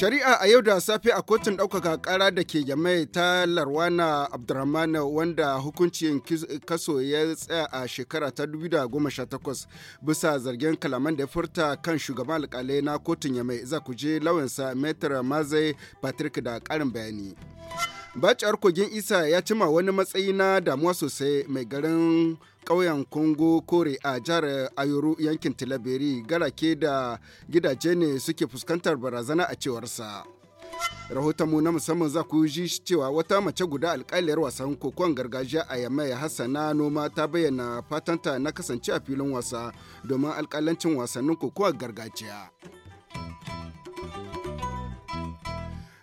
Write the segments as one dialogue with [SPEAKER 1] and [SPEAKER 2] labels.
[SPEAKER 1] Shari'a a yau da safe a kotun ɗaukaka ƙara da ke Yamai ta Larwana Abdurrahman wanda hukuncin kaso ya tsaya a shekara ta 2018 bisa zargin kalaman da ya furta kan shugaban alƙalai na kotun Yamai za ku je lawansa Metra Mazai Patrick da ƙarin bayani. bacciyar kogin Isa ya cima wani matsayi na damuwa sosai mai garin ƙauyen Kongo Kore a jihar Ayoro yankin Tilaberi garake da gidaje ne suke fuskantar barazana a cewarsa. rahotonmu na musamman za ku ji cewa wata mace guda alkaliyar wasan kokon gargajiya a yamai hassana noma ta bayyana fatanta na kasance a filin wasa domin alkalancin wasannin kokowar gargajiya.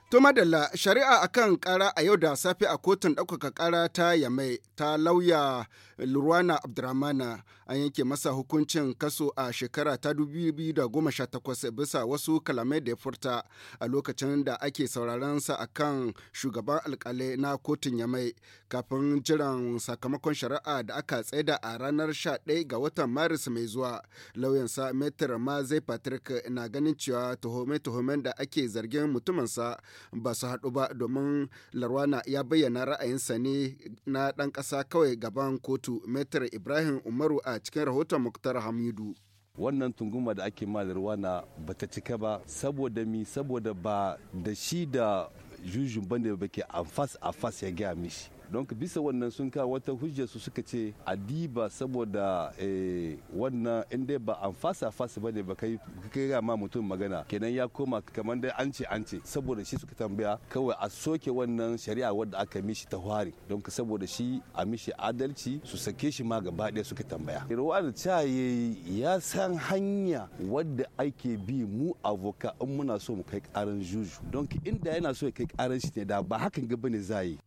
[SPEAKER 1] To madalla shari'a akan kara a yau da safe a kotun ɗaukaka kara ta Yamai ta lauya Lurwana Abdurrahmana an yanke masa hukuncin kaso a shekara ta 2018 bisa wasu kalamai da ya furta a lokacin da ake sauraron sa kan shugaban alkalai na kotun Yamai kafin jiran sakamakon shari'a da aka tsaida a ranar 11 ga watan Maris mai zuwa. Lauyansa Metar Mazai Patrick na ganin cewa tuhume-tuhumen da ake zargin mutumansa ba su haɗu ba domin Larwana ya bayyana ra'ayinsa ne na ɗan ƙasa kawai gaban kotu. saratu metar ibrahim umaru a cikin rahoton muktar hamidu
[SPEAKER 2] wannan tunguma da ake ma na bata cika ba saboda mi saboda ba da shi da jujun bane ba ke a fas a fas ya gaya mishi don bisa wannan sun kawo wata hujja su suka ce a diba saboda eh, wannan in dai ba an fasa fasa bane ba kai kai ma mutum magana kenan ya koma kamar dai an ce an ce saboda shi suka tambaya kawai a soke wannan shari'a wadda aka mishi ta hware don saboda shi a mishi adalci su sake shi ma gaba ɗaya suka tambaya da caye ya san hanya wadda ake bi mu avoka in muna so mu kai karan juju don inda yana so ya kai karan shi ne da ba hakan
[SPEAKER 1] gaba ne za yi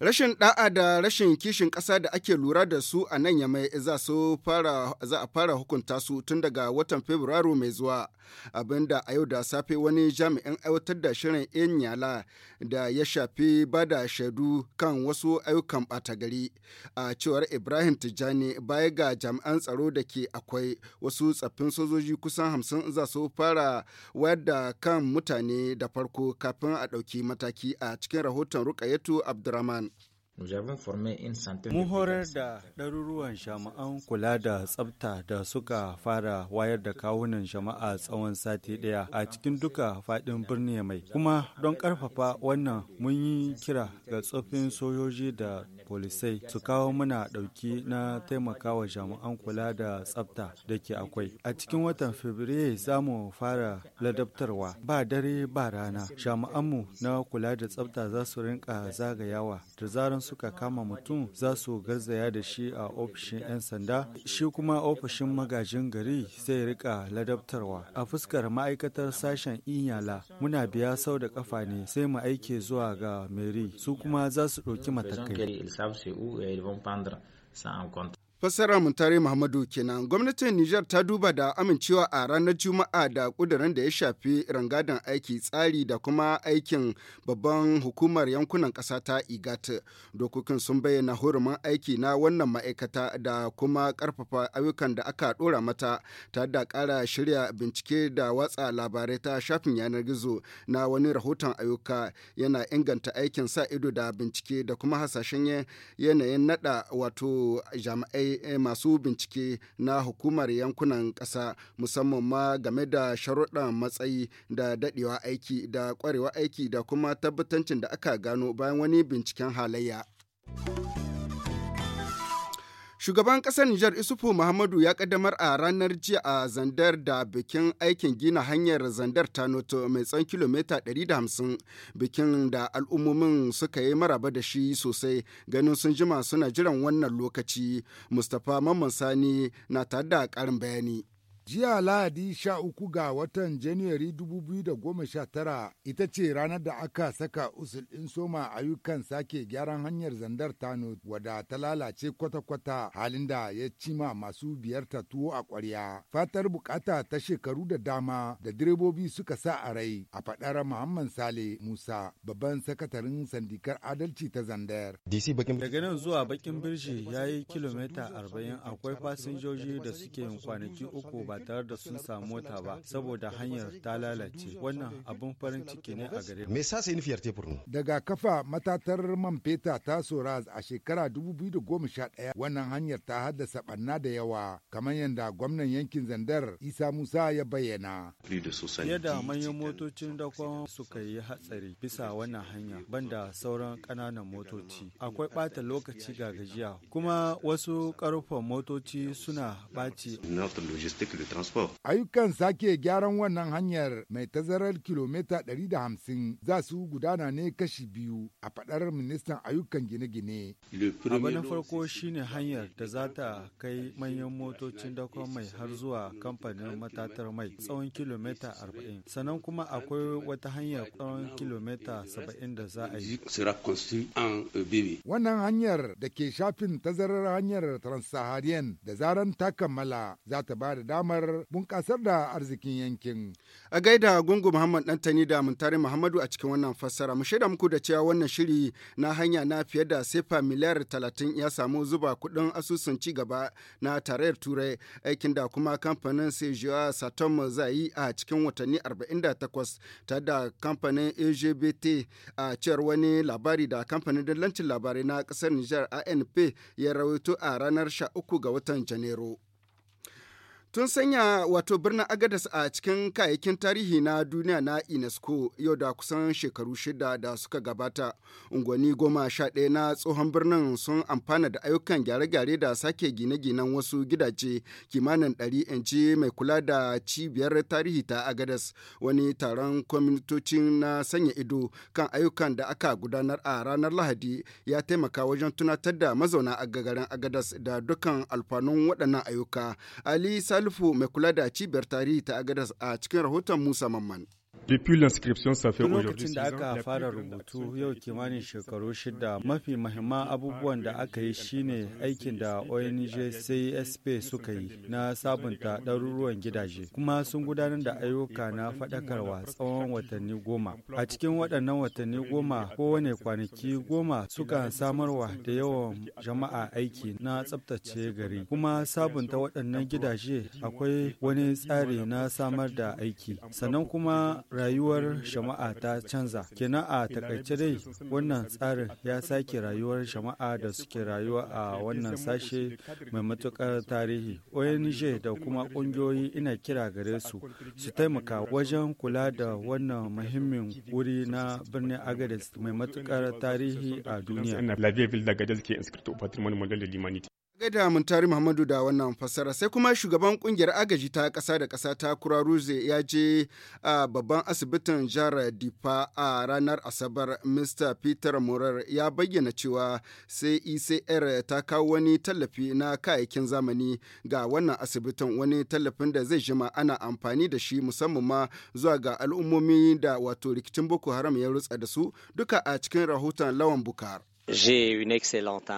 [SPEAKER 1] Rashin da'a da rashin kishin ƙasa da ake lura da su a nan yamai za za a fara hukunta su tun daga watan Fabrairu mai zuwa. Abinda a yau da safe wani jami'in aiwatar da shirin Inyala da ya shafi da shaidu kan wasu ayyukan ɓata gari. A cewar Ibrahim Tijjani baya ga jami'an tsaro da ke akwai wasu tsaffin sojoji kusan hamsin za su fara wayar da kan mutane da farko kafin a ɗauki mataki a cikin rahoton Rukayatu Abdurrahman. mu horar
[SPEAKER 2] da ɗaruruwan jama'an kula da tsafta da suka fara wayar da kawunan jama'a tsawon sati ɗaya a cikin duka faɗin birni mai. Kuma don ƙarfafa wannan mun yi kira ga tsoffin sojoji da polisai su kawo muna ɗauki na taimakawa jama'an kula da tsafta da ke akwai. A cikin watan Fabrairu za mu fara ladabtarwa ba dare ba rana. mu na kula da tsafta za su rinka zagayawa da zaran suka kama mutum za su garzaya da shi a ofishin 'yan sanda shi kuma ofishin magajin gari zai rika ladabtarwa a fuskar ma'aikatar sashen inyala muna biya sau da kafa ne sai mu aike zuwa ga meri su kuma za su ɗauki matakai
[SPEAKER 1] Fassara Muntare Muhammadu kenan gwamnatin Nijar ta duba da amincewa a ranar Juma'a da kudirin da ya shafi rangadan aiki tsari da kuma aikin babban hukumar yankunan ƙasa ta IGAT. Dokokin sun bayyana hurumin aiki na wannan ma'aikata da kuma ƙarfafa ayyukan da aka ɗora mata ta da ƙara shirya bincike da watsa labarai ta shafin yanar gizo na wani rahoton ayyuka yana inganta aikin sa ido da bincike da kuma hasashen yanayin naɗa wato jami'ai kai eh, masu bincike na hukumar yankunan ƙasa musamman ma game da sharuɗan matsayi da daɗewa aiki da ƙwarewa aiki da kuma tabbatancin da aka gano bayan wani binciken halayya. Shugaban ƙasar Nijar Isufu Muhammadu ya kaddamar a ranar jiya a Zandar da bikin aikin gina hanyar Zandar ta noto mai tsan kilomita 150 bikin da al'ummomin suka yi maraba da shi sosai ganin sun jima suna jiran wannan lokaci. Mustapha
[SPEAKER 3] Mamman Sani na tare da ƙarin bayani. Jiya Lahadi sha uku ga watan Janairu 2019 ita ce ranar da aka saka usul ɗin soma ayyukan sake gyaran hanyar zandar Tano wada ta lalace kwata-kwata halin da ya cima masu biyar ta tuwo a ƙwarya. Fatar bukata ta shekaru da dama da direbobi suka sa a rai a faɗar Muhammad Sale Musa babban sakatarin sandikar adalci ta zandar.
[SPEAKER 2] Daga nan zuwa bakin birji ya yi kilomita 40 akwai fasinjoji da suke yin kwanaki uku ba ba tare da sun samu mota ba saboda hanyar ta lalace wannan abun farin ciki ne a gare me sa sai fiyarte furnu
[SPEAKER 3] daga kafa matatar man feta ta sora a shekara 2011 wannan hanyar ta haddasa barna da yawa kamar yadda gwamnan yankin Zandar Isa Musa ya bayyana
[SPEAKER 2] fiye da manyan motocin dakon suka yi hatsari bisa wannan hanya banda sauran ƙananan motoci akwai bata lokaci ga gajiya kuma wasu karfan
[SPEAKER 3] motoci suna
[SPEAKER 2] ɓaci transport.
[SPEAKER 3] Ayyukan sake gyaran wannan hanyar mai tazarar kilomita 150 za su gudana ne kashi biyu a fadar ministan ayyukan gine-gine. Abu na farko
[SPEAKER 2] shine hanyar da za ta kai manyan motocin dakon mai har zuwa kamfanin matatar mai tsawon kilomita
[SPEAKER 3] 40. Sannan kuma akwai wata hanyar tsawon kilomita 70
[SPEAKER 2] da za a yi.
[SPEAKER 3] E wannan hanyar da ke shafin tazarar hanyar Transaharian da zaran ta kammala za ta ba da damar damar bunƙasar da arzikin yankin.
[SPEAKER 1] A gaida gungu Muhammad Dantani da Muntari Muhammadu a cikin wannan fassara mu shaida muku da cewa wannan shiri na hanya na fiye da sefa miliyar talatin ya samu zuba kuɗin asusun ci gaba na tarayyar turai aikin da kuma kamfanin Sejoa Satom zai a cikin watanni 48 ta da kamfanin AGBT a cewar wani labari da kamfanin dillancin labarai na ƙasar Nijar ANP ya rawaito a ranar 13 ga watan Janairu. Tun sanya wato birnin Agadas a cikin kayayyakin tarihi na duniya na UNESCO yau da kusan shekaru shida da suka gabata. Unguwanni goma sha ɗaya na tsohon birnin sun amfana da ayyukan gyare-gyare da sake gine-ginen wasu gidaje kimanin ɗari inci mai kula da cibiyar tarihi ta Agadas wani taron kwamitocin na sanya ido kan ayyukan da aka gudanar a ranar Lahadi ya taimaka wajen tunatar da mazauna a garin Agadas da dukkan alfanun waɗannan ayyuka. Ali Salu Salifu mai kula da cibiyar tarihi ta Agadas a cikin rahoton Musa Mamman.
[SPEAKER 2] Tun lokacin da aka fara rubutu yau kimanin shekaru shida mafi mahimman abubuwan da aka yi shine aikin da ONG CSP suka yi na sabunta ɗaruruwan gidaje kuma sun gudanar da ayyuka na faɗakarwa tsawon watanni goma. A cikin waɗannan watanni goma kowane kwanaki goma suka samarwa da yawan jama'a aiki na tsabtace gari kuma sabunta waɗannan gidaje akwai wani tsari na samar da aiki sannan kuma rayuwar shama'a ta canza. kina a takaice dai wannan tsarin ya sake rayuwar shama'a da suke rayuwa a wannan sashe mai matukar tarihi. ONG da kuma ƙungiyoyi ina kira gare su su taimaka wajen kula da wannan muhimmin wuri na birnin agadis mai matukar tarihi a duniya. gaida muntari
[SPEAKER 1] muhammadu da wannan fassara sai kuma shugaban kungiyar agaji ta kasa da kasa ta kuraruze ya je a babban asibitin jihar difa a ranar asabar mr peter morar ya bayyana cewa sai ecr ta kawo wani tallafi na kayayyakin zamani ga wannan asibitin wani tallafin da zai jima ana amfani da shi musamman ma zuwa ga al'ummomi da wato rikicin boko haram ya rutsa da su duka a cikin rahoton lawan bukar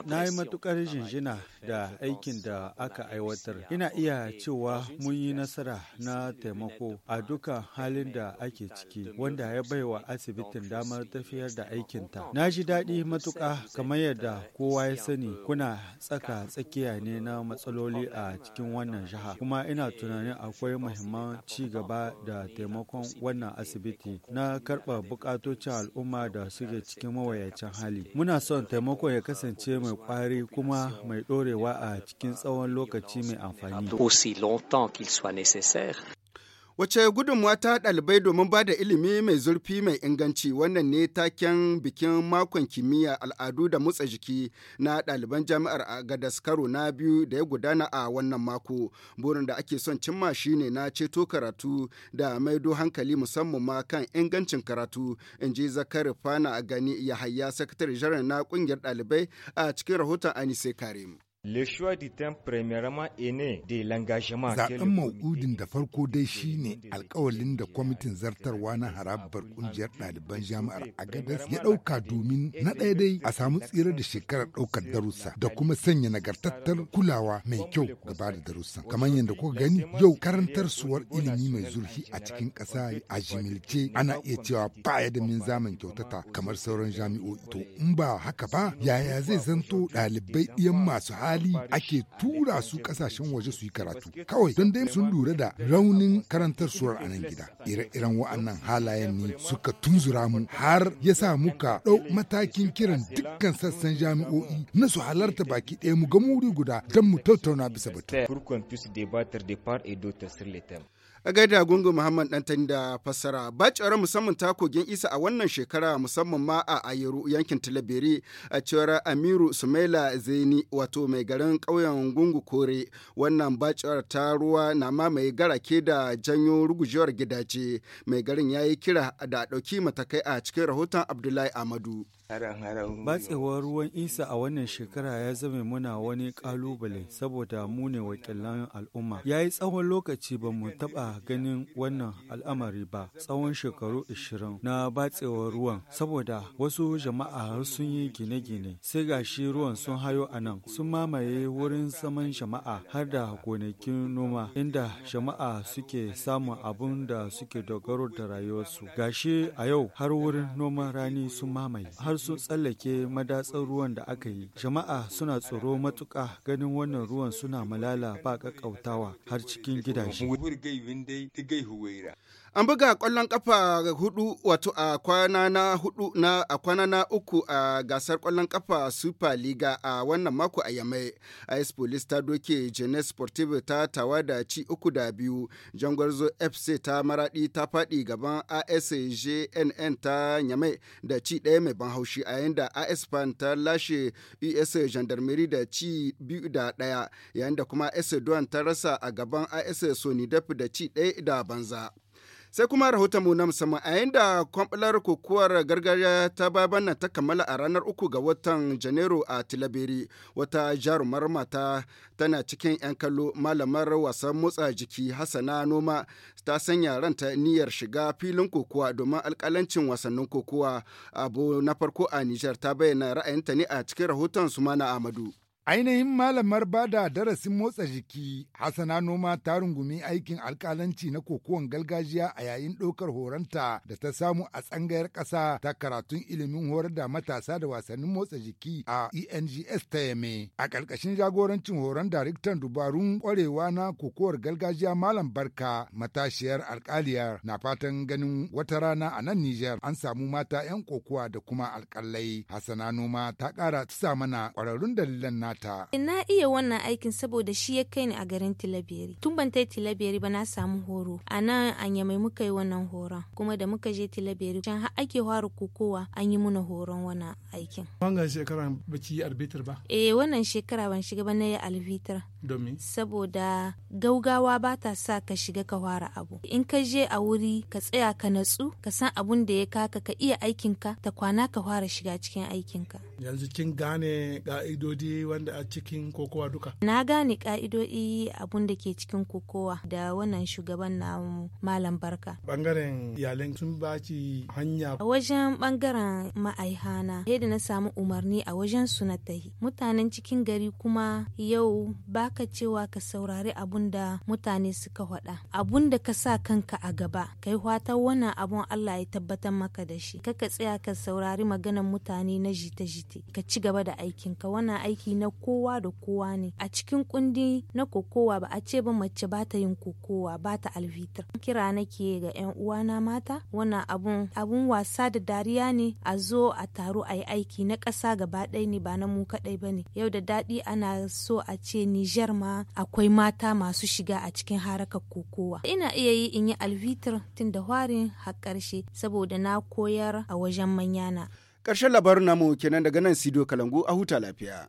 [SPEAKER 2] Na yi matukar jinjina da aikin da aka aiwatar. Ina iya cewa mun yi nasara na taimako a duka halin da ake ciki wanda ya baiwa asibitin damar tafiyar da aikinta. Na ji daɗi matuka kamar yadda kowa ya sani kuna tsaka tsakiya ne na matsaloli a cikin wannan jiha. Kuma ina tunanin akwai muhimman ci gaba da taimakon wannan asibiti na karɓa bukatocin al'umma da suke cikin mawayacin hali. Muna son son taimako ya kasance mai kwari kuma mai dorewa a cikin tsawon lokaci mai amfani. Wace gudunmuwa
[SPEAKER 1] ta ɗalibai domin ba da ilimi mai zurfi mai inganci wannan ne taken bikin makon kimiyya al'adu da motsa jiki na ɗaliban jami'ar Agadas karo na biyu da ya gudana a wannan mako. Burin da ake son cimma shine na ceto karatu da maido hankali musamman ma kan ingancin karatu in ji zakari fana gani yahaya sakatare jiran na ƙungiyar ɗalibai a cikin rahoton Anise Karim.
[SPEAKER 2] Le choix du temps premièrement est né de l'engagement.
[SPEAKER 1] Zaben
[SPEAKER 3] maudin da farko dai shine alkawalin da kwamitin zartarwa na harabar kungiyar ɗaliban jami'ar Agadas ya ɗauka domin na ɗaya dai a samu tsira da shekarar ɗaukar darussa da kuma sanya nagartattar kulawa mai kyau gaba da darussan. Kamar yadda kuka gani yau karantar suwar ilimi mai zurfi a cikin ƙasa a jimilce ana iya cewa ba ya da min zaman kyautata kamar sauran jami'o'i. To in ba haka ba yaya zai zanto ɗalibai ɗiyan masu har hali ake tura su kasashen waje su yi karatu kawai don dai sun lura da raunin karantar surar a nan gida ire-iren wa'annan halayen ne suka tunzura mu har ya sa muka ɗau matakin kiran dukkan sassan jami'o'i na su halarta baki ɗaya mu ga muri guda don mu tattauna bisa batu.
[SPEAKER 1] a gaida gungun muhammad dantan da fassara bacewa musamman ta kogin isa a wannan shekara musamman ma a ayeru yankin talabiri a cewar amiru sumaila zaini wato mai garin ƙauyen gungu kore wannan bacewar ta ruwa na ma mamaye garake da janyo rugujewar gidaje mai garin ya yi kira da ɗauki matakai a cikin rahoton abdullahi amadu
[SPEAKER 2] Batsewar ruwan isa a wannan shekara ya zame muna wani kalubale saboda mu ne wakilan al'umma. Ya yi tsawon lokaci ba mu taɓa ganin wannan al'amari ba tsawon shekaru 20 na batsewar ruwan saboda wasu jama'a sun yi gine-gine sai gashi ruwan sun hayo a nan sun mamaye wurin zaman jama'a har da gonakin noma inda jama'a suke samun abun da suke dogaro da rayuwarsu. Gashi a yau har wurin noman rani sun mamaye har har sun tsallake madatsar ruwan da aka yi jama'a suna tsoro matuka ganin wannan ruwan suna malala ba ƙaƙƙautawa har cikin gidaje
[SPEAKER 1] An buga ƙwallon kafa hudu wato a kwana na hudu na a kwana na uku a gasar kwallon kafa Super Liga a wannan mako a Yamai. Ice Police ta doke Jenes Sportive ta tawa da ci uku da biyu. Jangwarzo FC ta maradi ta faɗi gaban ASJNN ta Yamai da ci ɗaya mai ban haushi a yayin da AS Fan ta lashe US Gendarmerie da ci biyu da ɗaya yayin da kuma AS ta rasa a gaban AS da ci ɗaya da banza. sai kuma rahoton mu na musamman a yayin da kwamfular kokowar gargajiya ta babana ta kammala a ranar uku ga watan janairu a tilaberi wata jarumar mata tana cikin 'yan kallo malamar wasan motsa jiki hasana noma ta sanya ranta niyyar shiga filin kokowa domin alkalancin wasannin kokowa abu na farko a nijar ta bayyana ra'ayinta ne a cikin rahoton su mana amadu
[SPEAKER 3] Ainihin malamar bada darasin motsa jiki Hassana Noma ta rungumi aikin alkalanci na kokowan gargajiya a yayin ɗaukar horonta da ta samu a tsangayar ƙasa ta karatun ilimin horar da matasa da wasannin motsa jiki a ENGS ta yame. A ƙarƙashin jagorancin horon daraktan dubarun ƙwarewa na kokowar gargajiya Malam Barka matashiyar alkaliyar na fatan ganin wata rana a nan Nijar an samu mata 'yan kokowa da kuma alƙalai. Hassana Noma ta ƙara ta mana ƙwararrun dalilan nata. mata.
[SPEAKER 4] Eh, na iya wannan aikin saboda shi ya kai ni a garin Tilaberi. Tun ban tai Tilaberi ba na samu horo. A nan an yi mai muka yi wannan horon. Kuma da muka je Tilaberi can har ake fara kokowa an yi muna horon wannan aikin. Wannan shekara ba ki yi ba? Eh wannan shekara ban shiga ba na yi albitar. Domin? Saboda gaugawa ba ta sa ka shiga ka fara abu. In ka je a wuri ka tsaya ka natsu ka san abun da ya kaka ka iya aikinka ta kwana ka fara shiga cikin aikinka.
[SPEAKER 1] Yanzu kin gane ga'idodi wanda da a cikin kokowa duka
[SPEAKER 4] na gane ka'idodi abun da ke cikin kokowa da wannan shugaban na malam barka
[SPEAKER 2] bangaren iyalen sun baci hanya a
[SPEAKER 4] wajen bangaren ma'aihana da na samu umarni a wajen su na tahi mutanen cikin gari kuma yau baka cewa ka saurari abun da mutane suka faɗa abun da ka sa kanka a gaba kai fatan wannan abun Allah ya tabbatar maka da shi kaka tsaya ka saurari maganar mutane na jita-jite ka ci gaba da aikinka wannan aiki na na kowa da kowa ne a cikin kundi na kokowa ba a ce ba mace ba ta yin kokowa ba ta alfitar kira nake ga yan uwana mata wannan abun abun wasa da dariya ne a zo a taro a yi aiki na ƙasa gaba ɗaya ne ba na mu kaɗai ba ne yau da daɗi ana so a ce Nijar ma akwai mata masu shiga a cikin harakar kokowa ina iya yi in yi alfitar tun da hwarin har ƙarshe saboda na koyar a wajen manyana. Ƙarshen
[SPEAKER 1] labarin namu kenan daga nan Sido Kalangu a huta lafiya.